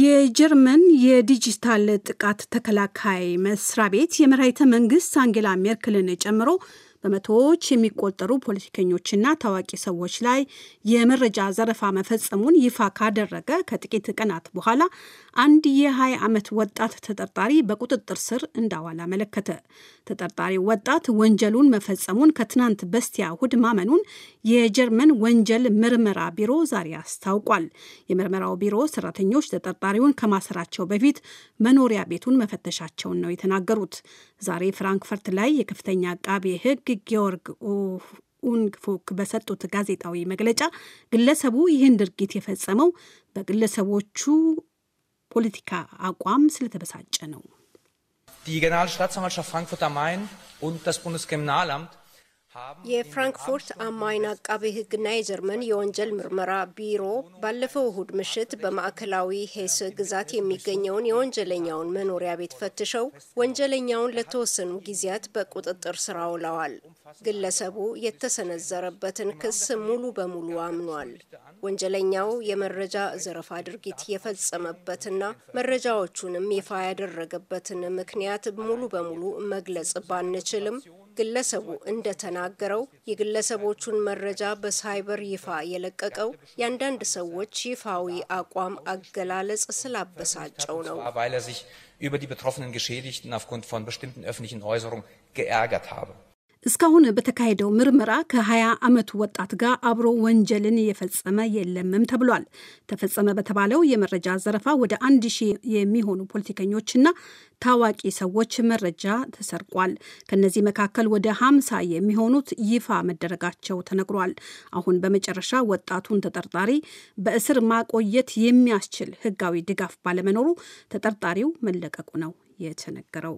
የጀርመን የዲጂታል ጥቃት ተከላካይ መስሪያ ቤት የመራሒተ መንግስት አንጌላ ሜርክልን ጨምሮ በመቶዎች የሚቆጠሩ ፖለቲከኞችና ታዋቂ ሰዎች ላይ የመረጃ ዘረፋ መፈጸሙን ይፋ ካደረገ ከጥቂት ቀናት በኋላ አንድ የ20 ዓመት ወጣት ተጠርጣሪ በቁጥጥር ስር እንዳዋል አመለከተ። ተጠርጣሪው ወጣት ወንጀሉን መፈጸሙን ከትናንት በስቲያ እሁድ ማመኑን የጀርመን ወንጀል ምርመራ ቢሮ ዛሬ አስታውቋል። የምርመራው ቢሮ ሰራተኞች ተጠርጣሪውን ከማሰራቸው በፊት መኖሪያ ቤቱን መፈተሻቸውን ነው የተናገሩት። ዛሬ ፍራንክፈርት ላይ የከፍተኛ አቃቤ ሕግ ጊዮርግ ኡንግፎክ በሰጡት ጋዜጣዊ መግለጫ ግለሰቡ ይህን ድርጊት የፈጸመው በግለሰቦቹ ፖለቲካ አቋም ስለተበሳጨ ነው። ዲ ጀነራልstaatsanwaltschaft Frankfurt am Main und das Bundeskriminalamt የፍራንክፉርት አማይን አቃቤ ሕግና የጀርመን የወንጀል ምርመራ ቢሮ ባለፈው እሁድ ምሽት በማዕከላዊ ሄስ ግዛት የሚገኘውን የወንጀለኛውን መኖሪያ ቤት ፈትሸው ወንጀለኛውን ለተወሰኑ ጊዜያት በቁጥጥር ስራ ውለዋል። ግለሰቡ የተሰነዘረበትን ክስ ሙሉ በሙሉ አምኗል። ወንጀለኛው የመረጃ ዘረፋ ድርጊት የፈጸመበትና መረጃዎቹንም ይፋ ያደረገበትን ምክንያት ሙሉ በሙሉ መግለጽ ባንችልም ግለሰቡ እንደተናገረው የግለሰቦቹን መረጃ በሳይበር ይፋ የለቀቀው የአንዳንድ ሰዎች ይፋዊ አቋም አገላለጽ ስላበሳጨው ነው። weil er sich über die betroffenen Geschädigten aufgrund von bestimmten öffentlichen Äußerungen geärgert habe. እስካሁን በተካሄደው ምርመራ ከ20 ዓመቱ ወጣት ጋር አብሮ ወንጀልን የፈጸመ የለምም ተብሏል። ተፈጸመ በተባለው የመረጃ ዘረፋ ወደ አንድ ሺህ የሚሆኑ ፖለቲከኞችና ታዋቂ ሰዎች መረጃ ተሰርቋል። ከነዚህ መካከል ወደ 50 የሚሆኑት ይፋ መደረጋቸው ተነግሯል። አሁን በመጨረሻ ወጣቱን ተጠርጣሪ በእስር ማቆየት የሚያስችል ሕጋዊ ድጋፍ ባለመኖሩ ተጠርጣሪው መለቀቁ ነው የተነገረው።